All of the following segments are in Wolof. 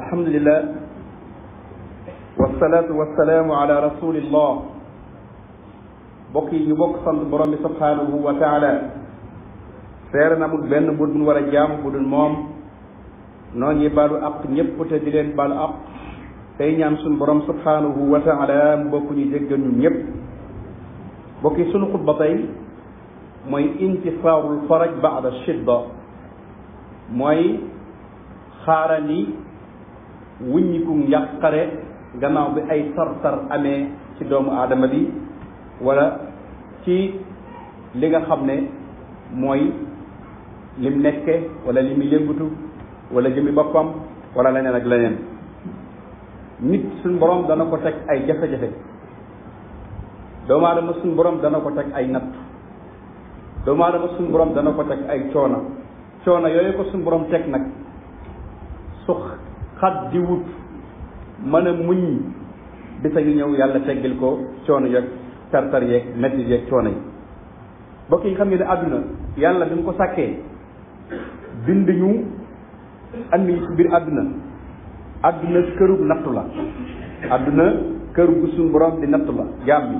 الحمد لله والصلاه والسلام على رسول الله بوكي ني بوك سانت بروم سبحانه وتعالى سير نامو بن بودن ورا جام بودن موم نوني بالو اق نيب تا دي لين بال اق تاي نيام سون بروم سبحانه وتعالى بوكو ني ديغ نيو نيب بوكي سونو خطبه تاي موي انتصار الفرج بعد الشده موي خارني wuññikum yàqare gannaaw bi ay tar-tar amee ci doomu aadama bi wala ci li nga xam ne mooy lim nekke wala li mu yëngutu wala jëmi boppam wala leneen ak leneen nit suñ borom dana ko teg ay jafe-jafe doomu aadama suñ borom dana ko teg ay natt doomu aadama suñ borom dana ko teg ay coono coono yooyu ko suñ borom teg nag xat di wut mën a muñ bisa ñu ñëw yàlla teggil ko coono yeeg tartar yeeg metti yeeg coono yi bokk yi xam ne ne àdduna yàlla bi mu ko sàkkee bind ñu andi ci biir àdduna àdduna kërug nattu la àdduna kërug suñu borom di nattu la jaam bi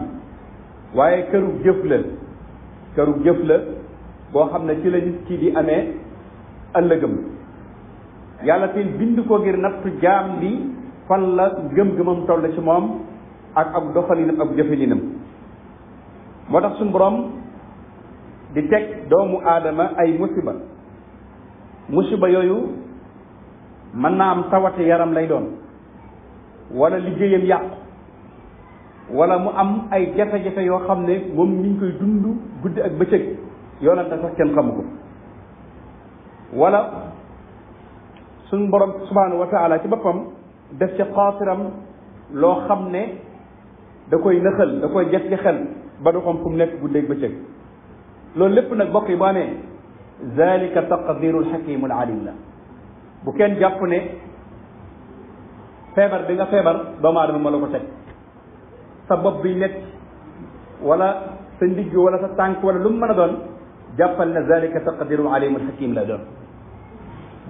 waaye kërug jëf la kërug jëf la boo xam ne ci la nit ki di amee ëllëgam yàlla tey bind ko ngir nattu jaam bi fan la gëm-gëmam toll ci moom ak ak doxalinam ak jëfelinam moo tax suñu borom di teg doomu aadama ay musiba musiba yooyu mën naa am tawate yaram lay doon wala liggéeyam yàqu wala mu am ay jafe-jafe yoo xam ne moom mi koy dund guddi ak bëccëg yoonante sax kenn xamu ko wala suñ borom subhanahu wa taala ci boppam def ci xaasiram loo xam ne da koy nëxal da koy jax jaxal ba du xam fu mu nekk guddeeg bëccëg loolu lépp nag bokk yi boo amee zalika taqdirul xakimul alim la bu kenn jàpp ne feebar bi nga feebar doomu aadama ma la ko teg sa bopp bi nekk wala sa ndigg wala sa tànk wala lu mu mën a doon jàppal ne zalika taqdirul alimul xakim la doon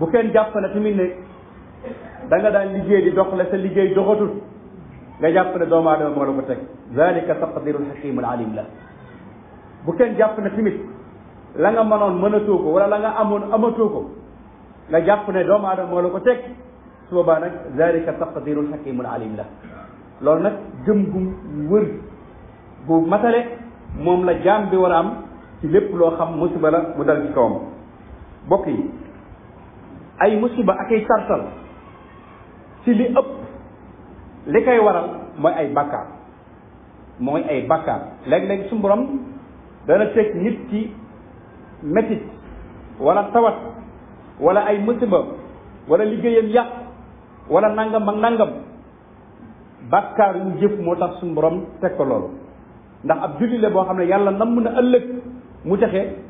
bu kenn jàpp na tamit ne da daal daan liggéey di doxle sa liggéey doxatul nga jàpp ne doomu aadama moo la ko teg zalika taqdirul xakimul alim la bu kenn jàpp ne tamit la nga mënoon mënatoo ko wala la nga amoon amatoo ko nga jàpp ne doomu aadama moo la ko teg su boobaa nag zalika taqdirul xakimul alim la loolu nag gëm gu wër bu matale moom la jaam bi war a am ci lépp loo xam musiba la mu dal ci kawam mbokk yi ay musiba ak ay tartal ci li ëpp li koy waral mooy ay bàkkaar mooy ay bàkkaar léeg-léeg suñu borom dana teg nit ci métit walla tawat wala ay musiba wala liggéeyam yàq wala nangam ak nangam bàkkaar yu jëf moo tax suñu borom teg loolu ndax ab julli boo xam ne yàlla namm na ëllëg mu texe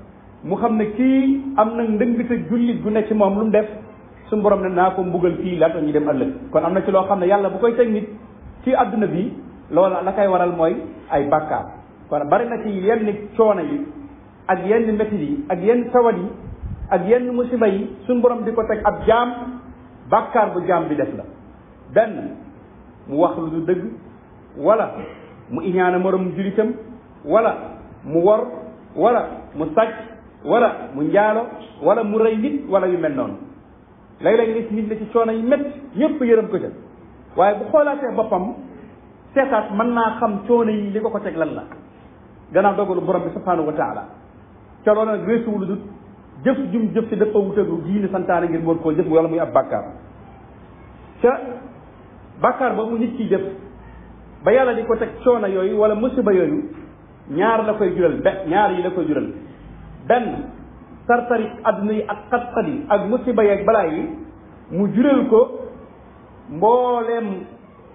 mu xam ne kii am na ndëng te jullit gu ne ci moom lu mu def su borom ne naa ko mbugal fii laata ñu dem ëllëg kon am na ci loo xam ne yàlla bu koy teg nit ci àdduna bi loola la koy waral mooy ay bàkkaar kon bari na ci yenn coono yi ak yenn métit yi ak yenn tawat yi ak yenn musiba yi suñu borom di ko teg ab jaam bàkkaar bu jaam bi def la benn mu wax lu du dëgg walla mu iñaana moroom julitam walla mu wor wala mu sàcc wala mu njaalo wala mu rëy nit wala yu mel noonu léeg-léeg nga nit la ci coono yi métti ñëpp yërëm ko ca waaye bu xoolaatee boppam seetaat mën naa xam coono yi li ko ko teg lan la gannaaw dogalu borom bi subhanahu wa taala ca loolu nag weesuwu lu dut jëf jum jëf ci dafa wuteeg lu diine ngir mën koo jëf wala muy ab bàkkaar ca bàkkaar boobu nit ki jëf ba yàlla di ko teg coono yooyu wala musiba yooyu ñaar la koy jural be ñaar yi la koy jural benn sarsari adduna yi ak xat-xat yi ak musiba yi ak balaa yi mu jural ko mbooleem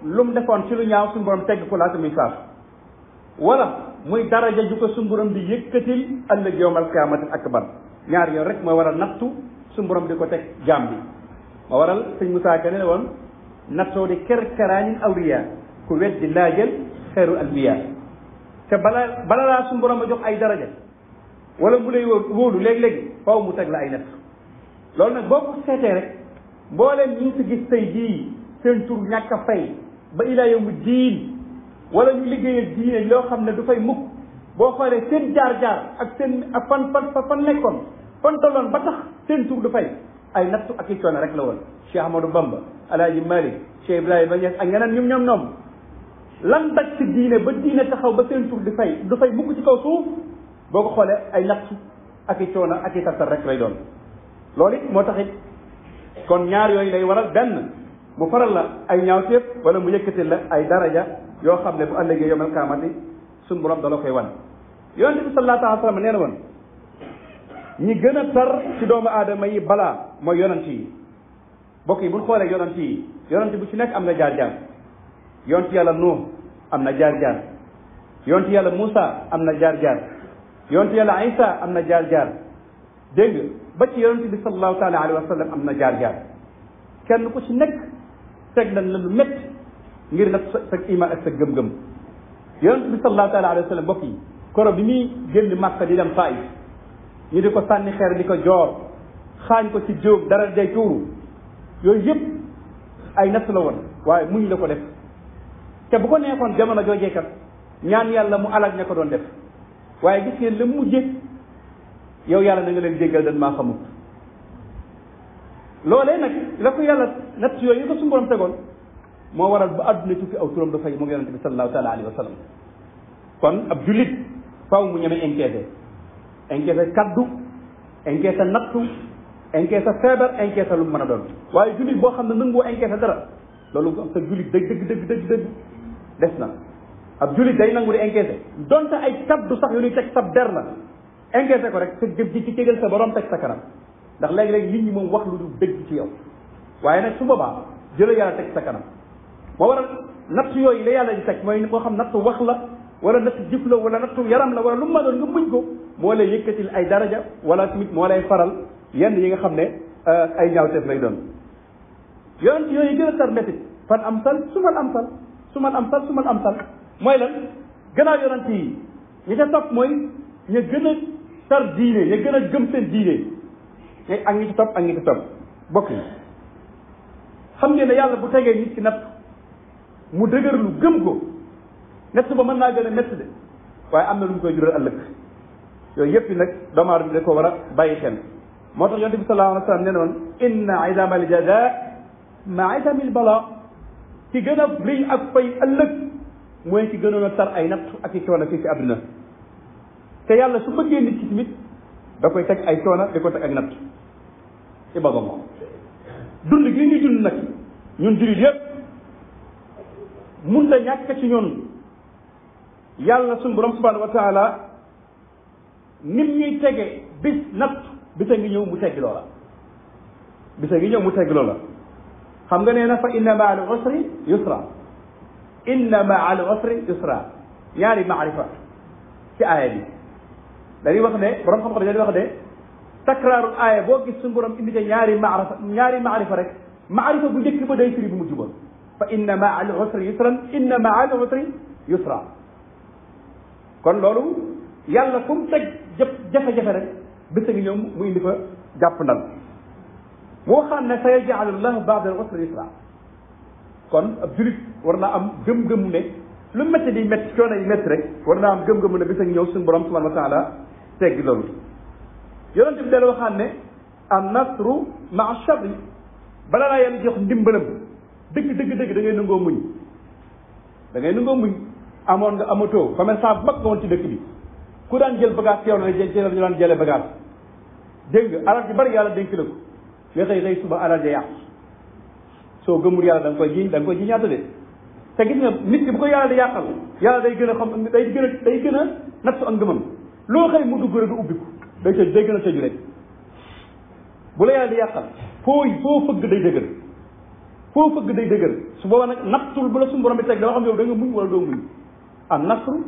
lu mu defoon ci lu ñaaw suñu borom tegg ko laata muy saaf wala muy daraja ju ko suñu di yëkkatil ëllëg yowmal qiyaamati akbar ñaar yoon rek mooy waral nattu suñu borom di ko teg jaam bi ma waral sëñ Moussa Ka ne woon nattoo di ker keraanin awliya ku weddi laajal xeeru albiya te bala bala laa a jox ay daraja wala mu lay wóolu léeg-léegi faw mu teg la ay natt loolu nag boo ko seetee rek mbooleem ñi si gis tey jii seen tur ñàkk a fay ba ilaa yawmu diin wala ñu liggéeyal diine loo xam ne du fay mukk boo xoolee seen jaar-jaar ak seen ak fan fan fan nekkoon fan tolloon ba tax seen tur du fay ay nattu ak i coono rek la woon Cheikh Ahmadou Bamba Alaaji Malik Cheikh Ibrahima Niass ak ñeneen ñum ñoom ñoom lan daj si diine ba diine taxaw ba seen tur di fay du fay mukk ci kaw boo ko xoolee ay natt ak i coono ak i tartar rek lay doon loolu moo taxit kon ñaar yooyu lay waral benn mu faral la ay ñaawteef wala mu yëkkatil la ay daraja yoo xam ne bu ëllëgee yomal kaamati suñ borom daloo koy wan yonent bi sallallahu alayhi wa sallam nee na woon ñi gën a tar ci doomu aadama yi balaa mooy yonent yi bokk yi buñ xoolee yonent yi yonent bu ci nekk am na jaar-jaar yonent yàlla Nuux am na jaar-jaar yonent yàlla Muusa am na jaar-jaar yonent yàlla Isa am na jaar-jaar dégg nga ba ci yonent bi sallallahu taala am na jaar-jaar kenn ku ci nekk teg nañ la lu métti ngir nag sa sa iman ak sa gëm-gëm yonent bi sallallahu taala alayhi wa yi koro bi muy ñu di ko sànni xeer di ko joor xaañ ko ci jóob dara day tuuru yooyu yëpp ay natt la woon waaye muñ la ko def te bu ko neexoon joo joojeekat ñaan yàlla mu alag ña ko doon def waaye gis ngeen la mujje yow yàlla na nga leen jéggal dan maa xamut loolee nag la ko yàlla natt yooyu ko suñu tegoon moo waral bu àdduna tukki aw turam dafay moom yonente bi sallallahu taala alayhi wa sallam kon ab julit faaw mu ñeme encaissé encaissé kaddu encaissé nattu encaissé feebar encaissé lu mu mën a doon waaye jullit boo xam ne nanguwoo encaissé dara loolu sa jullit dëgg dëgg dëgg dëgg dëgg des na ab jullit day nangu di encaissé donte ay kaddu sax yu ñuy teg der la encaissé ko rek sa jëf ji ci tegal sa borom teg sa kanam ndax léegi-léegi nit ñi moom wax lu dul dëgg ci yow waaye nag su boobaa jëla yàlla teg sa kanam moo waral yooyu la yàlla di teg mooy moo xam natt wax la wala natt jëf la wala nattu yaram la wala lu ma doon nga muñ ko moo lay yëkkatil ay daraja wala tamit moo ay faral yenn yi nga xam ne euh, ay ñaawteef lay doon yonent yooyu gën a tar métit am sal su mal su mal am sal su mal am sal mooy lan gannaaw yonent yi ñi ca topp mooy ña gën a tar diine ña gën a gëm te topp ak ñi ci topp bokk yi xam ngeen ne yàlla bu tegee nit ki natt mu dëgër lu gëm ko nett ba mën naa gën a de waaye am na lu mu koy jural ëllëg yooyu yëpp yi nag doomu aadama bi da ko war a bàyyi xel moo tax yonent bi sallallahu alayhi wa sallam nee na woon inna idama al ma idamil bala ci gën a rëy ak fay ëllëg mooy ci gënoon a tar ay natt ak i coono fii ci àdduna te yàlla su bëggee nit ci tamit da koy teg ay coono di ko teg ak natt ci boppam ko dund gi ñuy dund nag ñun jullit yëpp mun na ñàkk ci ñun yàlla suñu borom subhanahu wa nit nim ñuy tege bis natt bisa ngi ñëw mu teggi loola bisa ngi ñëw mu teggi loola xam nga nee na fa inna ma'al yusra inna ma al usri yusra ñaari maarifa ci aaya bi dañuy wax ne borom xam-xam dañuy wax ne takraaru aaya boo gis suñu borom indi ca ñaari maarifa ñaari maarifa rek maarifa bu njëkk ba day firi bu mujj ba fa inna ma al usri yusran inna ma al usri yusra kon loolu yàlla fu mu teg jafe-jafe rek bisa ngi ñëw mu indi fa jàpp ndal mu waxaan ne sa yajalu llah baada al usri yusra kon ab julit war na am gëm-gëmu ne lu métti di métti coono yi rek war naa am gëm-gëmu ne bis ak ñëw suñu borom subhanahu wa taala teggi loolu yonente bi dal waxaan ne an nasru maa sabri bala laa yàlla jox ndimbalam dëgg dëgg dëgg da ngay nangoo muñ da ngay nangoo muñ amoon nga amatoo commerçant bu mag nga woon ci dëkk bi ku daan jël bagage teew na jël ñu daan jëlee bagage dégg nga alal bari yàlla dénk la ko nga xëy xëy suba alal ja soo gëmul yàlla da koy jiñ da nga koy jiñaatale te nga nit ki bu ko yàlla di yàqal yàlla day gën a xam day gën a day gën a nattu ak ngëmam loo xëy mu dugg rek ubbiku day tëj day gën a tëju bu la yàlla di yàqal foo foo fëgg day dëgër foo fëgg day dëgër su boobaa nag nattul bu la suñu borom bi teg dama xam yow da nga muñ wala doo muñ am nattul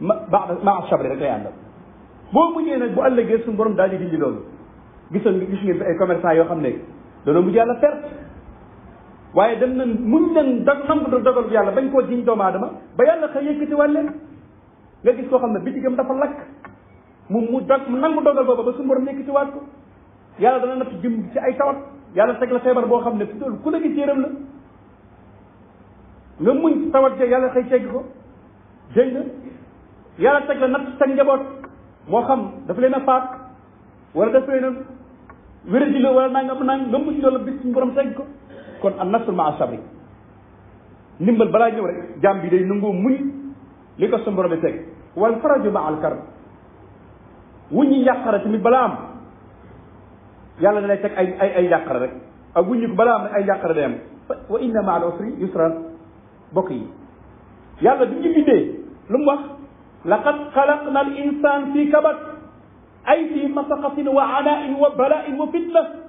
ma maa sabri rek lay àndal boo muñee nag bu ëllëgee suñu borom daal di dindi loolu gisoon gis ngeen fi ay commerçant yoo xam ne dañoo mujj yàlla perte waaye dem nañ muñ leen dag nangu dogal bi yàlla bañ koo jiñ doomu aadama ba yàlla xëy yëkkati ci leen nga gis koo xam ne bitigam dafa lakk mu mu dag mu nangu dogal booba ba suñu borom ci waat ko yàlla dana natt jëm ci ay tawat yàlla teg la feebar boo xam ne fi doolu ku la gis yërëm la nga muñ tawat ja yàlla xëy tegg ko dégg nga yàlla teg la natt sa njaboot moo xam dafa leen a faat wala dafa leen a wéradi la wala nangam nangam nga muñ loolu bis suñu borom tegg ko kon an nasru maa sabri ndimbal balaa ñëw rek jàmm bi day nangoo muñ li ko suñu borom teg wal faraju maa al kar wuññi yàqara tamit balaa am yàlla da lay teg ay ay ay yàqara rek ak wuññi ko balaa am ay yàqara day am wa inna maa al usri yusran bokk yi yàlla bi ñu bindee lu mu wax laqad xalaqna al insan fi kabat ay fi masaqatin wa anaain wa balaain wa fitna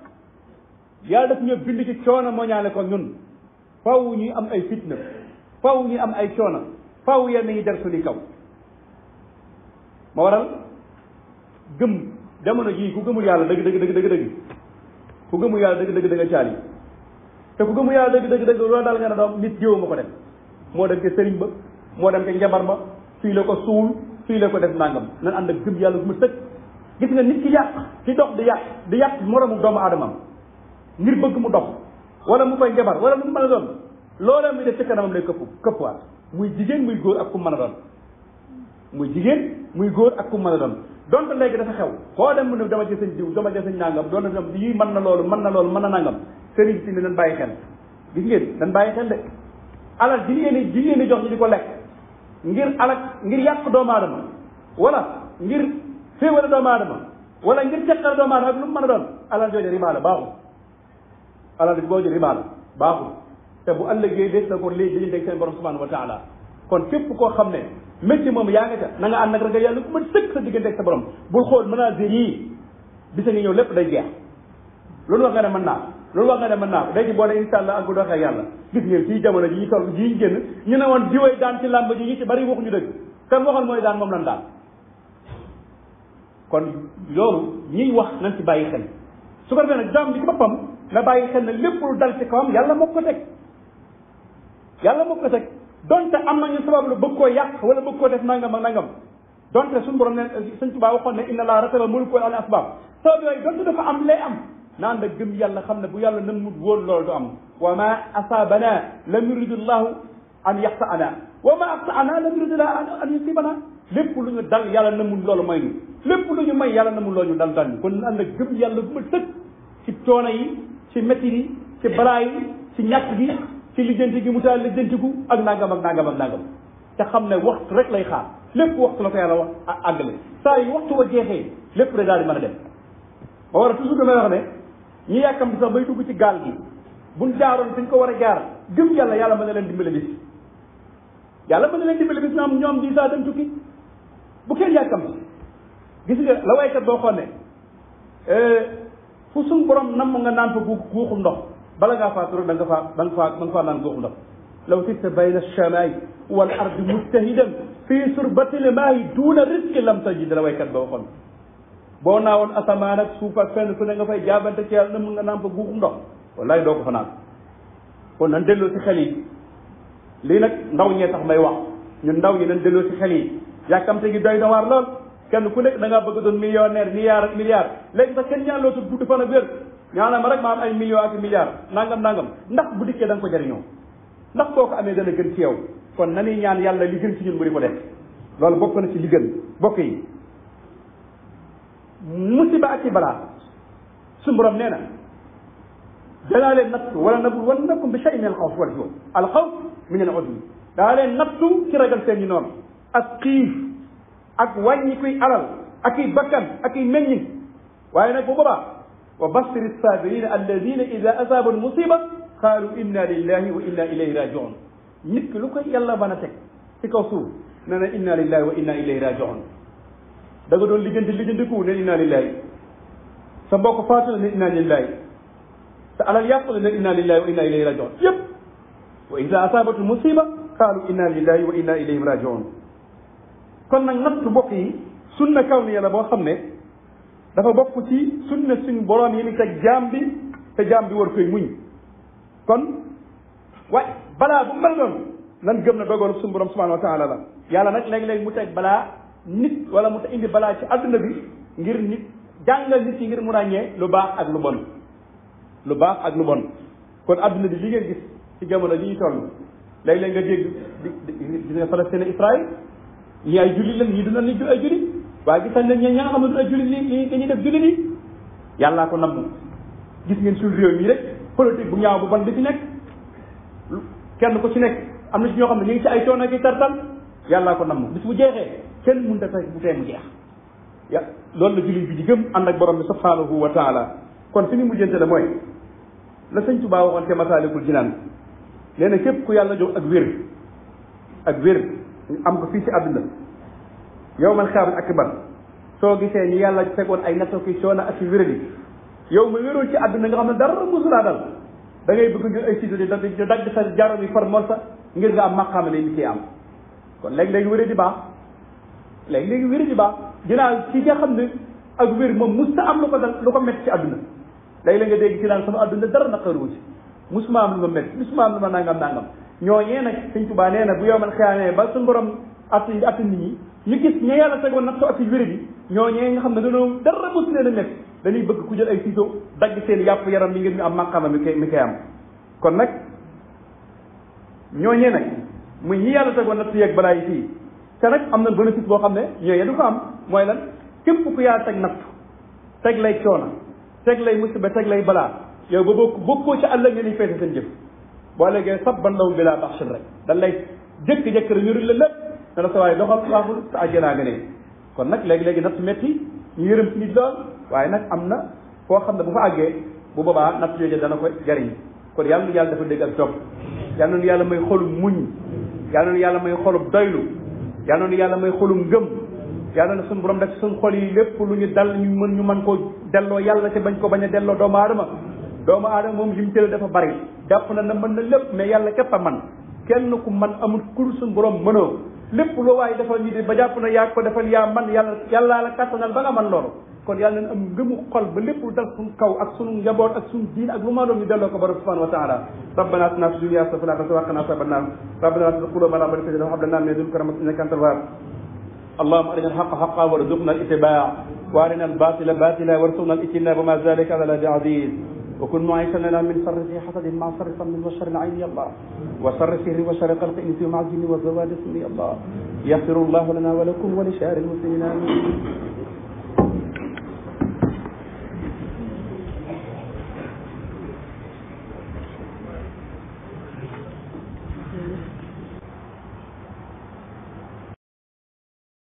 yàlla daf ñoo bind ci coono moo ko ñun faw ñuy am ay fitna faw ñuy am ay coono faw yenn yi der suñu kaw ma waral gëm jamono jii ku gëmul yàlla dëgg dëgg dëgg dëgg dëgg ku gëmul yàlla dëgg dëgg dëgg caal yi te ku gëmul yàlla dëgg dëgg dëgg loolu dal nga ne doom nit jiw ma ko def moo dem ci sëriñ ba moo dem ci njabar ba fii la ko suul fii la ko def nangam nan ànd ak gëm yàlla bu mu sëkk gis nga nit ki yàq ki dox di yàq di yàq moromu doomu aadamam ngir bëgg mu dox wala mu koy jabar wala lu mu mën a doon loola muy def ci kanamam lay këppu këppuwaat muy jigéen muy góor ak ku man a doon muy jigéen muy góor ak ku man a doon donte léegi dafa xew koo dem mu ne dama ci sëñ diw dama ci sëñ nàngam doon na lii man na loolu man na loolu mën na nàngam sëriñ si ne dañ bàyyi xel gis ngeen dañ bàyyi xel de alal ji jigéen di ji ngeen di jox ñu di ko lekk ngir alal ngir yàq doomu aadama wala ngir féewale doomu aadama wala ngir jàqal doomu aadama ak lu mën doon alal jooju riba la alal ji boo jël riba la baaxul te bu ëllëgee des na ko léegi dañuy dégg seen borom subhanahu wa taala kon képp koo xam ne métier moom yaa nga ca na nga ànd nag ragal yàlla ku ma sëkk sa diggante ak sa borom bu xool naa ménager yi bisa ngi ñëw lépp day jeex loolu wax naa loolu wax nga dem mën naa ko day ci boole insha allah ak bu doxee yàlla gis ngeen ci jamono ji ñu toll ji ñu ñu ne woon diwee daan ci làmb ji ñi ci bari waxuñu dëgg kan waxoon mooy daan moom lan daan kon loolu wax nañ ci bàyyi su ko defee nag jaam bi na bàyyi xel ne lépp lu dal ci kawam yàlla moo ko teg yàlla moo ko teg donte am nañu sabab lu bëgg koo yàq wala bëgg koo def nangam ak nangam donte suñ borom ne sëñ tuba waxoon ne inna laa rataba mulku ala asbab sabab yooyu donte dafa am lay am naan da gëm yàlla xam ne bu yàlla nan mu wóol loolu du am wa ma asabana lam yuridu llahu an yaxsa ana wa ma axsa ana lam yuridu llahu an yusibana lépp lu ñu dal yàlla namul loolu may ñu lépp lu ñu may yàlla namul loolu ñu dal dal ñu kon naan da gëm yàlla bu ma tëkk ci toona yi ci métti yi ci balaa yi ci ñàkk gi ci lijjanti gi mu taal lijjantiku ak nangam ak nangam ak nangam te xam ne waxtu rek lay xaar lépp waxtu la ko yàlla wax àggale saa yi waxtu wa jeexee lépp da daal di mën a dem ba war a toujours damay wax ne ñi yàkkamti sax bay dugg ci gaal gi buñ jaaroon suñ ko war a jaar gëm yàlla yàlla mën na leen dimbale bis yàlla mën na leen dimbale bis ñoom ñoom di saa dem tukki bu kenn yàkkamti gis nga la waykat boo xoon fu suñ borom nam nga naan fa guuxum ndox bala ngaa faatu rek da nga faa da nga faa da nga faa naan guuxum ndox law sitta bayna shamay wal ardi mujtahidan fii surbatil maayi duuna risqi lam tajid la waykat ba waxoon boo naawoon asamaan ak suuf ak fenn fu ne nga fay jaabante ci yàlla nam nga naan fa guuxum ndox wallaay doo ko fa naan kon nan delloo si xel yi lii nag ndaw ñee tax may wax ñun ndaw ñi nan delloo si xel yi yàkkamte gi doy na waar lool kenn ku nekk da ngaa bëgg doon millionnaire milliard ak milliard léegi sax kenn ñaan lootul gudd fan ak wér ñaanal ma rek ma am ay million ak milliard nangam nangam ndax bu dikkee da nga ko jariñoo ndax boo ko amee dana gën ci yow kon nanuy ñaan yàlla li gën ci ñun mu di ko def loolu bokk na ci li gën bokk yi musiba ak ci balaa suñu borom nee na danaa leen natt wala nabluwannakum bi shay'in min al-khawf wal-ju' al-khawf min al daa leen nattu ci ragal i noonu ak ak wàññi kuy alal ak i bakkan ak i meññin waaye nag bu boobaa wa basir saabirina alladina ida asaaba musiba qaalu inna lillahi wa inna ilayhi rajiun nit ki lu koy yàlla mën a teg ci kaw suuf nee na inna lillahi wa inna ilayhi rajiun da nga doon lijjanti lijjantiku ne inna lillahi sa mbokk faatu la ne inna lillahi sa alal yàpp la ne inna lillahi wa inna ilayhi rajiun yëpp wa ida asaabatul musiba qaalu inna lillahi wa inna ilayhi rajiun kon nag nattu bokk yi sunna kaw ni la boo xam ne dafa bokk ci sunna suñu boroom yi ni teg jaam bi te jaam bi war koy muñ kon waaye balaa bu mel noonu nan gëm na dogalu suñu borom subhanahu wa la yàlla nag léeg-léeg mu teg balaa nit wala mu indi balaa ci àdduna bi ngir nit jàngal nit yi ngir mu ràññee lu baax ak lu bon lu baax ak lu bon kon àdduna bi li ngeen gis ci jamono ji ñu toll léeg-léeg nga dégg gis nga Palestine ñii ay jullit lañ ñii du doon nañ ay jullit waaye gis nañ ne ñi xam ne du ay jullit lii lii dañuy def jullit yi yàllaa ko namm gis ngeen suñu réew mi rek politique bu ñaaw bu ban bi ci nekk kenn ku ci nekk am na ci ñoo xam ne ñu ngi ci ay coono ak i tartan yàllaa ko namm bis mu jeexee kenn mënut a fexe bu tee mu jeex ya loolu la jullit bi di gëm ànd ak borom bi subhanahu wa taala kon fi ni mujjante la mooy la sëñ Tuubaa waxoon te masaalikul jinaan nee na képp ku yàlla jox ak wér wér am ko fii ci àdduna yow man xaaral akbar soo gisee ni yàlla fekkoon ay natto ki coono ak ci wéradi yow ma wérul ci àdduna nga xam ne dara musulaa dal da ngay bëgg jël ay sido di di dagg sa jaaro bi par morsa ngir nga am maqaama ne ni ciy am kon léegi-léegi wéré di baax léegi-léegi wéré di baax ginnaaw ci nga xam ne ak wér moom mus am lu ko dal lu ko métti ci àdduna léegi la nga dégg ci naan sama àdduna dara naqaru ci musuma am lu ma métti ma nangam nangam ñooñee nag sëñ tubaa nee na bu yomal xiyaamee ba sun borom at at nit ñi ñu gis ña yàlla tegoon nag so ak wéri bi ñooñee nga xam ne dañoo dara mosu leen a nekk dañuy bëgg ku jël ay ciseaux dagg seen yàpp yaram mi ngeen ñu am màqama mi koy mi koy am kon nag ñooñee nag muy ñi yàlla tegoon nag yeeg balaa yi fii te nag am na bénéfice boo xam ne ñooñee du ko am mooy lan képp ku yàlla teg natt teg lay coono teg lay musiba teg lay balaa yow ba bokk bokkoo ca àll nga ni feete seen jëf boo léegee sab ban bi laa tax sil rek dañ lay jëkk-jëkk rek yërul la lépp ne la sa waaye doxal baaxul sa àjjanaa nga ne kon nag léegi-léegi nag métti ñu yërëm ci nit lool waaye nag am na foo xam ne bu fa àggee bu boobaa natt jooje dana ko jariñ kon yàlla nu yàlla dafa dégg ak topp yàlla nu yàlla may xolum muñ yàlla nu yàlla may xolum doylu yàlla nu yàlla may xolum ngëm yàlla na suñu borom def suñu xol yi lépp lu ñu dal ñu mën ñu mën koo delloo yàlla te bañ ko bañ a delloo doomu aadama doomu aadama moom li mu tëral dafa bari jàpp na na mën na lépp mais yàlla képp a man kenn ku man amul kur suñu borom mënoo lépp loo waaye defal ñu di ba jàpp na yaa ko defal yaa man yàlla yàllaa la kàttanal ba nga man loolu kon yàlla na am ngëmu xol ba lépp dal suñu kaw ak suñu njaboot ak suñu diin ak lu maa doon ñu delloo ko borom subhanahu wa taala rabbana atina fi dunya hasanatan wa qina azaban nar rabbana la tuzigh qulubana ba'da idh hadaytana wa hab lana min ladunka rahmatan innaka antal wahhab اللهم ارنا الحق حقا وارزقنا الاتباع وارنا الباطل باطلا وارزقنا الاجتناب وما ذلك على العزيز وكن معيشا لنا من شر ذي حسد مع شر من وشر العين يا الله وشر السهر وشر قلق في مع الجن والزواد يا الله يغفر الله لنا ولكم ولشعر المسلمين امين